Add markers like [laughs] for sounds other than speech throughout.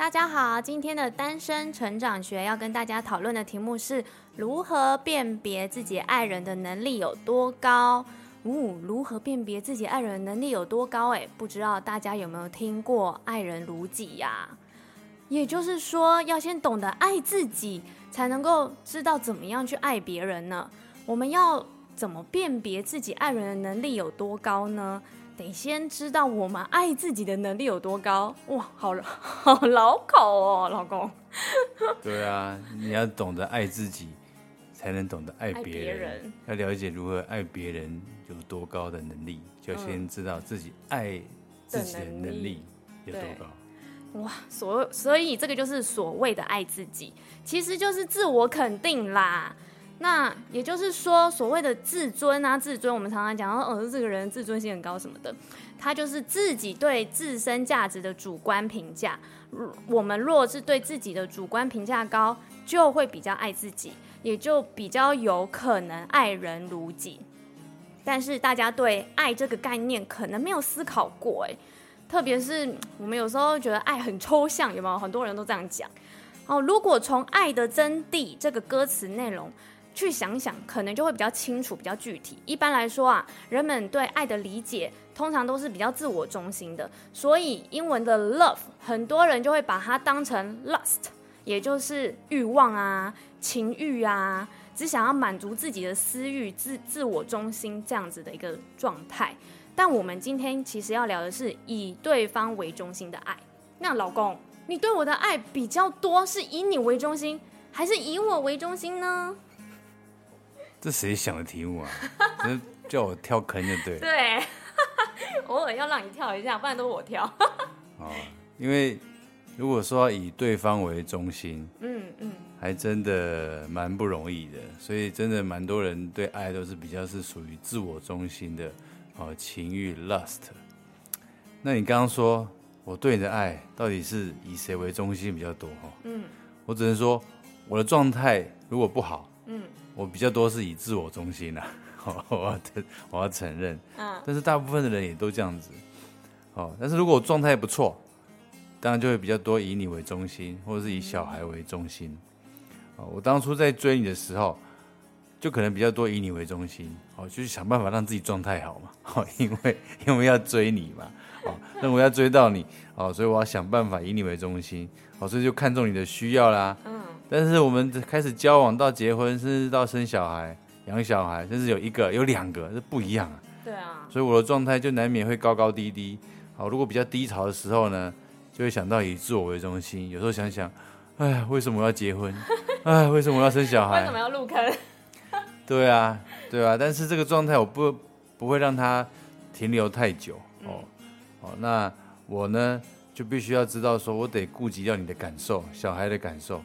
大家好，今天的單身成長學要跟大家討論的題目是如何辨別自己愛人的能力有多高。嗚、哦，如何辨別自己愛人的能力有多高？誒，不知道大家有沒有聽過“愛人如己”啊呀？也就是說，要先懂得愛自己，才能夠知道怎麼樣去愛別人呢？我們要怎麼辨別自己愛人的能力有多高呢？得先知道我們愛自己的能力有多高哇。好，好老口哦，老公。 [laughs] 對啊，你要懂得愛自己，才能懂得愛別人。別人。要了解如何愛別人有多高的能力，就要先知道自己愛自己的能力有多高。嗯、哇，所所以這個就是所謂的愛自己，其實就是自我肯定啦。那也就是說，所謂的自尊啊，自尊，我們常常講到，哦，是這個人自尊心很高什麼的，他就是自己對自身價值的主觀評價。我們若是對自己的主觀評價高，就會比較愛自己，也就比較有可能愛人如己。但是大家對愛這個概念可能沒有思考過、欸，哎，特別是我們有時候覺得愛很抽象，有沒有？很多人都這樣講。哦，如果從“愛的真諦”這個歌詞內容。去想想，可能就會比較清楚、比較具體。一般來說啊，人們對愛的理解通常都是比較自我中心的，所以英文的 love 很多人就會把它當成 lust，也就是欲望啊、情欲啊，只想要滿足自己的私欲、自自我中心這樣子的一個狀態。但我們今天其實要聊的是以對方為中心的愛。那老公，你對我的愛比較多是以你為中心，還是以我為中心呢？這誰想的題目啊？ [laughs] 叫我跳坑就對了。對，偶 [laughs] 爾要讓你跳一下，不然都是我跳 [laughs] 哦。因為如果說以對方為中心，嗯嗯，嗯還真的蠻不容易的。所以真的蠻多人對愛都是比較是屬於自我中心的，哦、情欲 lust。那你剛剛說我對你的愛到底是以誰為中心比較多、哦？嗯、我只能說我的狀態如果不好，嗯。我比較多是以自我中心啊，我我我要承認，嗯，但是大部分的人也都這樣子，哦，但是如果我狀態不錯，當然就會比較多以你為中心，或者是以小孩為中心，哦，我當初在追你的時候，就可能比較多以你為中心，哦，就是想辦法讓自己狀態好嘛，哦，因為因為要追你嘛，哦，那我要追到你，哦，所以我要想辦法以你為中心，哦，所以就看中你的需要啦。嗯但是我們開始交往到結婚，甚至到生小孩、養小孩，甚至有一個、有兩個是不一樣啊。對啊。所以我的狀態就難免會高高低低。好，如果比較低潮的時候呢，就會想到以自我為中心，有時候想想，哎，為什麼要結婚？哎， [laughs] 為什麼我要生小孩？為什麼要入坑？ [laughs] 對啊，對啊。但是這個狀態我不不會讓它停留太久哦。嗯、哦，那我呢就必須要知道說，說我得顧及到你的感受，小孩的感受。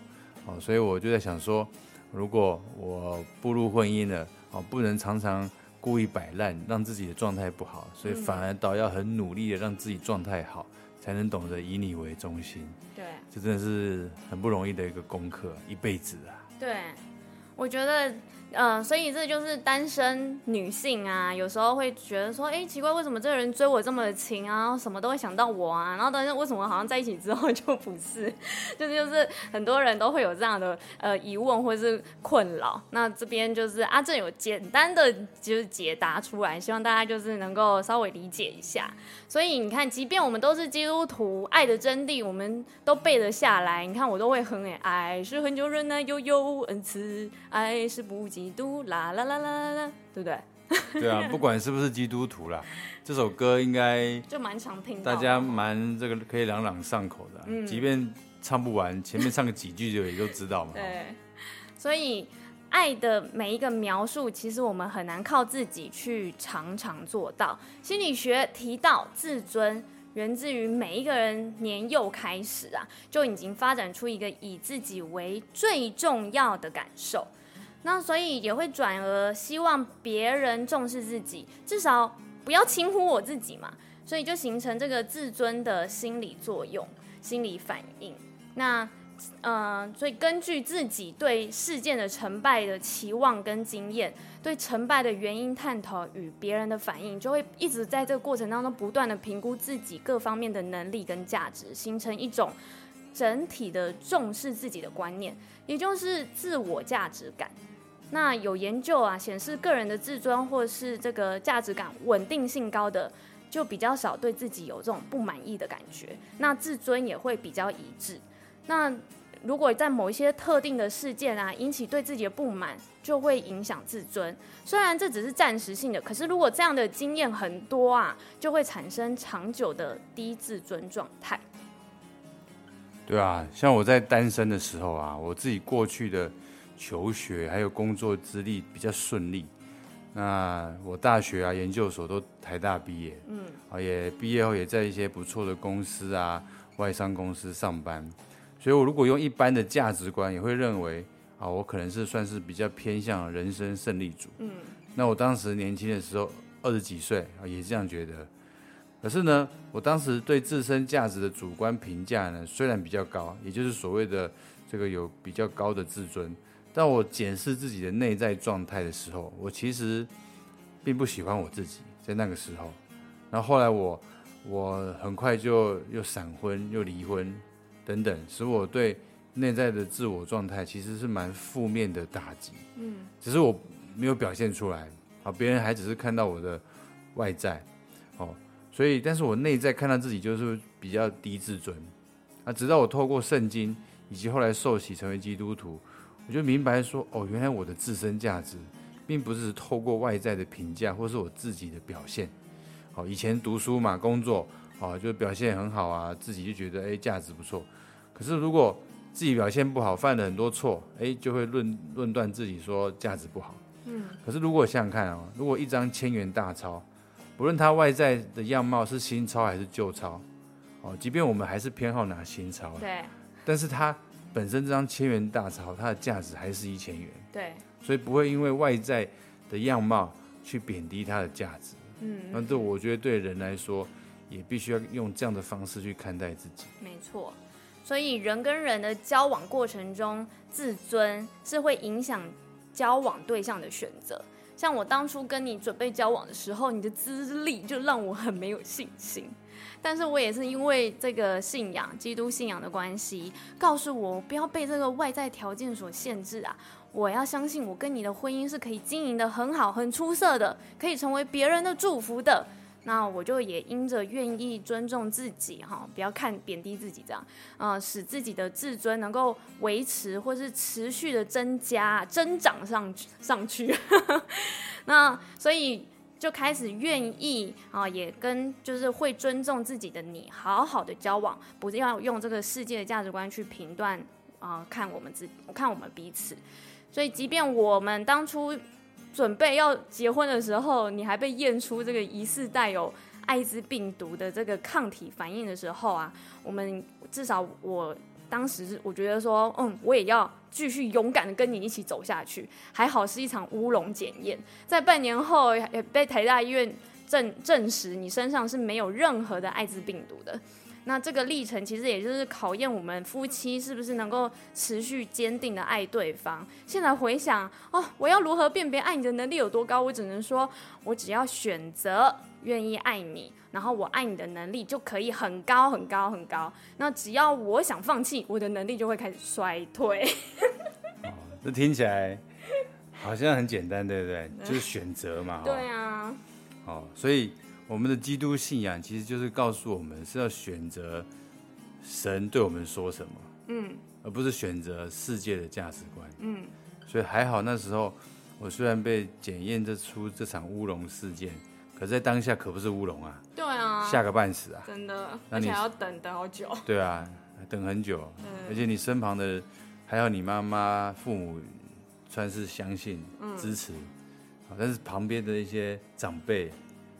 所以我就在想說，如果我步入婚姻了，不能常常故意擺爛，讓自己的狀態不好，所以反而倒要很努力的讓自己狀態好，才能懂得以你為中心。對，這真的是很不容易的一個功課，一輩子啊。對，我覺得。嗯、呃，所以這就是單身女性啊，有時候會覺得說，哎、欸，奇怪，為什麼這個人追我這麼勤啊，什麼都會想到我啊，然後但是為什麼好像在一起之後就不是，就是就是很多人都會有這樣的呃疑問或者是困擾。那這邊就是阿、啊、正有簡單的就是解答出來，希望大家就是能夠稍微理解一下。所以你看，即便我們都是基督徒，愛的真諦我們都背得下來，你看我都會很哎、欸，愛是很久忍耐、啊、又有恩慈，愛是不。基督啦啦啦啦啦啦，對不對？對啊，不管是不是基督徒啦， [laughs] 這首歌應該就蠻常聽，大家蠻這個可以朗朗上口的。嗯，即便唱不完，前面唱個幾句就也都知道嘛。對，所以愛的每一個描述，其實我們很難靠自己去常常做到。心理學提到，自尊源自於每一個人年幼開始啊，就已經發展出一個以自己為最重要的感受。那所以也會轉而希望別人重視自己，至少不要輕忽我自己嘛。所以就形成這個自尊的心理作用、心理反應。那，嗯、呃，所以根據自己對事件的成敗的期望跟經驗，對成敗的原因探討與別人的反應，就會一直在這個過程當中不斷地評估自己各方面的能力跟價值，形成一種整體的重視自己的觀念，也就是自我價值感。那有研究啊，顯示個人的自尊或是這個價值感穩定性高的，就比較少對自己有這種不滿意的感覺。那自尊也會比較一致。那如果在某一些特定的事件啊引起對自己的不滿，就會影響自尊。雖然這只是暫時性的，可是如果這樣的經驗很多啊，就會產生長久的低自尊狀態。對啊，像我在單身的時候啊，我自己過去的。求學還有工作資歷比較順利，那我大學啊、研究所都台大畢業，嗯，啊也畢業後也在一些不錯的公司啊、外商公司上班，所以我如果用一般的價值觀，也會認為啊，我可能是算是比較偏向人生勝利組，嗯，那我當時年輕的時候二十幾歲啊，也是這樣覺得，可是呢，我當時對自身價值的主觀評價呢，雖然比較高，也就是所謂的這個有比較高的自尊。在我檢視自己的內在狀態的時候，我其實並不喜歡我自己，在那個時候。然後後來我，我很快就又閃婚又離婚等等，使我對內在的自我狀態其實是蠻負面的打擊。嗯，只是我沒有表現出來啊，別人還只是看到我的外在哦，所以但是我內在看到自己就是比較低自尊啊。直到我透過聖經以及後來受洗成為基督徒。我就明白說，哦，原來我的自身價值，並不是透過外在的評價，或是我自己的表現。好，哦，以前讀書嘛，工作，哦，就表現很好啊，自己就覺得，誒、欸，價值不錯。可是如果自己表現不好，犯了很多錯，誒、欸，就會論論斷自己說價值不好。嗯。可是如果想想看啊，哦，如果一張千元大鈔，不論它外在的樣貌是新鈔還是舊鈔，哦，即便我們還是偏好拿新鈔，對，但是它本身這張千元大鈔，它的價值還是一千元，對，所以不會因為外在的樣貌去貶低它的價值。嗯，那對，我覺得對人來說，也必須要用這樣的方式去看待自己。沒錯，所以人跟人的交往過程中，自尊是會影響交往對象的選擇。像我當初跟你準備交往的時候，你的資歷就讓我很沒有信心。但是我也是因為這個信仰，基督信仰的關係，告訴我不要被這個外在條件所限制啊！我要相信我跟你的婚姻是可以經營得很好、很出色的，可以成為別人的祝福的。那我就也因着願意尊重自己，哈、哦，不要看貶低自己這樣，啊、嗯，使自己的自尊能夠維持或是持續的增加、增長上去上去。 [laughs] 那所以。就開始願意啊，也跟就是會尊重自己的你好好的交往，不是要用這個世界的價值觀去評斷啊，看我們自，看我們彼此。所以，即便我們當初準備要結婚的時候，你還被驗出這個疑似帶有艾滋病毒的這個抗體反應的時候啊，我們至少我。當時我覺得說，嗯，我也要繼續勇敢的跟你一起走下去。還好是一場烏龍檢驗，在半年後也被台大醫院證證實，你身上是沒有任何的艾滋病毒的。那這個歷程其實也就是考驗我們夫妻是不是能夠持續堅定的愛對方。現在回想哦，我要如何辨別愛你的能力有多高？我只能說，我只要選擇願意愛你，然後我愛你的能力就可以很高很高很高。那只要我想放棄，我的能力就會開始衰退。哦，這聽起來好像很簡單，對不對？嗯，就是選擇嘛。對啊。哦，所以。我們的基督信仰其實就是告訴我們是要選擇神對我們說什麼，嗯，而不是選擇世界的價值觀，嗯。所以還好那時候我雖然被檢驗這出這場烏龍事件，可在當下可不是烏龍啊，對啊，嚇個半死啊，真的。你而且還要等等好久，對啊，等很久，對而且你身旁的還有你媽媽、父母算是相信、嗯、支持，但是旁邊的一些長輩。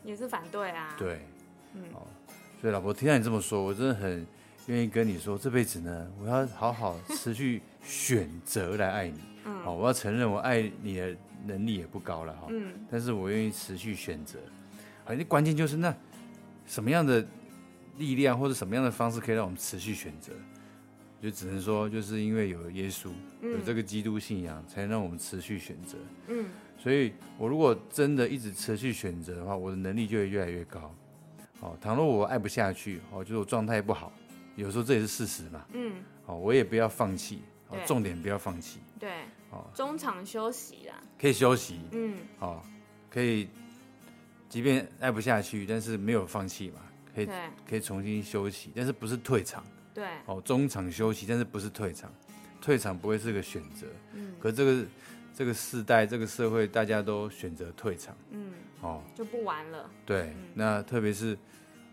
也是反對啊，對，嗯，所以老婆聽到你這麼說，我真的很願意跟你說，這輩子呢，我要好好持續選擇來愛你，好、嗯，我要承認我愛你的能力也不高了哈，嗯，但是我願意持續選擇，而你關鍵就是那什麼樣的力量或者什麼樣的方式可以讓我們持續選擇？就只能說，就是因為有耶穌、嗯，有這個基督信仰，才能讓我們持續選擇。嗯，所以我如果真的一直持續選擇的話，我的能力就會越來越高。好，倘若我愛不下去，哦，就是我狀態不好，有時候這也是事實嘛。嗯，好，我也不要放棄，對重點不要放棄。對。哦好，中場休息啦。可以休息。嗯。好，可以，即便愛不下去，但是沒有放棄嘛，可以對可以重新休息，但是不是退場。對，哦，中場休息，但是不是退場，退場不會是個選擇，嗯、可這個這個世代，這個社會，大家都選擇退場，嗯，哦，就不玩了，對，嗯、那特別是，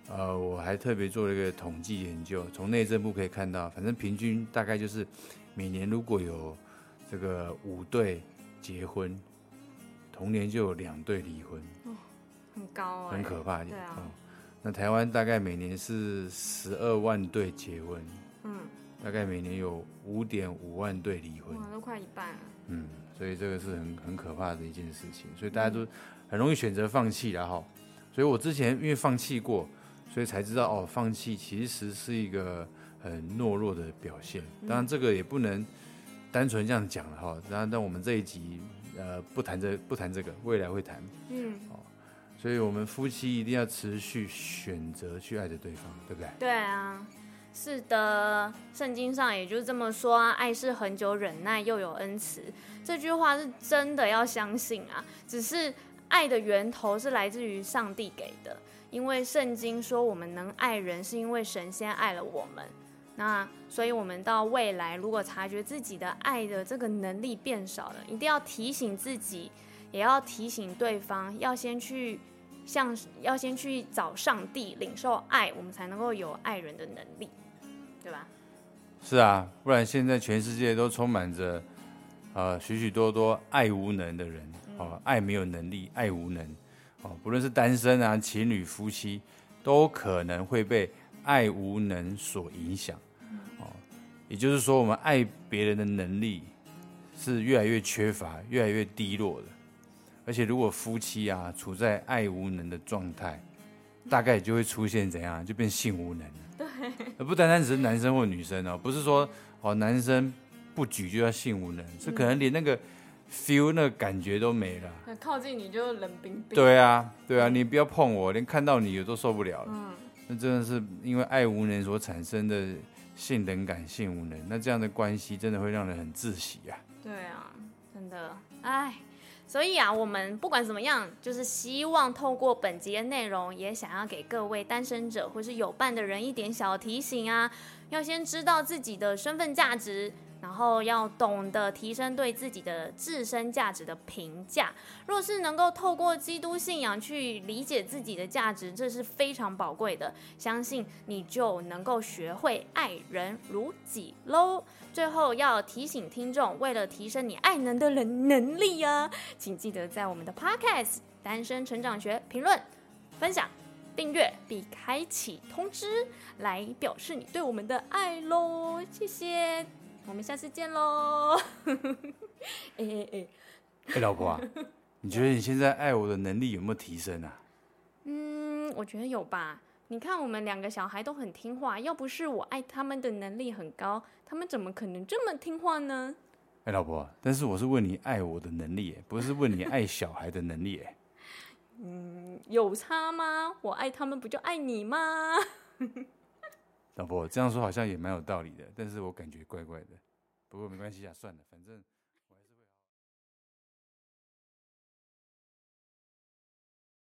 呃，我還特別做了一個統計研究，從內政部可以看到，反正平均大概就是每年如果有這個五對結婚，同年就有兩對離婚，哦，很高啊！欸、很可怕一點，對啊。那台灣大概每年是十二萬對結婚，嗯，大概每年有五點五萬對離婚，哇，都快一半了。嗯，所以這個是很很可怕的一件事情，所以大家都很容易選擇放棄了哈。嗯，所以我之前因為放棄過，所以才知道哦，放棄其實是一個很懦弱的表現。當然這個也不能單純這樣講了哈。然後但我們這一集呃不談這不談這個，未來會談。嗯。哦所以我們夫妻一定要持續選擇去愛着對方，對不對？對啊，是的。聖經上也就是這麼說啊，愛是恆久忍耐又有恩慈，這句話是真的要相信啊。只是愛的源頭是來自於上帝給的，因為聖經說我們能愛人是因為神先愛了我們。那所以我們到未來如果察覺自己的愛的這個能力變少了，一定要提醒自己，也要提醒對方，要先去。像要先去找上帝領受愛，我們才能夠有愛人的能力，對吧？是啊，不然現在全世界都充滿着，呃，許許多多愛無能的人，嗯，哦，愛沒有能力，愛無能，哦，不論是單身啊，情侶、夫妻，都可能會被愛無能所影響，嗯，哦，也就是說，我們愛別人的能力是越來越缺乏、越來越低落的。而且，如果夫妻啊處在愛無能的狀態，大概就會出現怎樣？就變性無能了。對。不單單只是男生或女生哦，不是說哦男生不舉就要性無能，是可能連那個 feel 那個感覺都沒了。那，嗯，靠近你就冷冰冰。對啊，對啊，你不要碰我，連看到你都受不了了。嗯。那真的是因為愛無能所產生的性冷感、性無能，那這樣的關係真的會讓人很窒息啊。對啊，真的，哎。所以啊，我們不管怎麼樣，就是希望透過本集的內容，也想要給各位單身者或是有伴的人一點小提醒啊，要先知道自己的身份價值。然後要懂得提升對自己的自身價值的評價。若是能夠透過基督信仰去理解自己的價值，這是非常寶貴的。相信你就能夠學會愛人如己嘍。最後要提醒聽眾，為了提升你愛能的人能力啊，請記得在我們的 Podcast《單身成長學》評論、分享、訂閱並開啟通知，來表示你對我們的愛嘍。謝謝。我們下次見嘍！誒誒誒，誒，老婆啊， [laughs] 你覺得你現在愛我的能力有沒有提升啊？嗯，我覺得有吧。你看，我們兩個小孩都很聽話，要不是我愛他們的能力很高，他們怎麼可能這麼聽話呢？哎，欸、老婆，但是我是問你愛我的能力，不是問你愛小孩的能力。誒。 [laughs] 嗯，有差嗎？我愛他們不就愛你嗎？ [laughs] 老婆，這樣說好像也蠻有道理的，但是我感覺怪怪的，不過沒關係啊，算了，反正。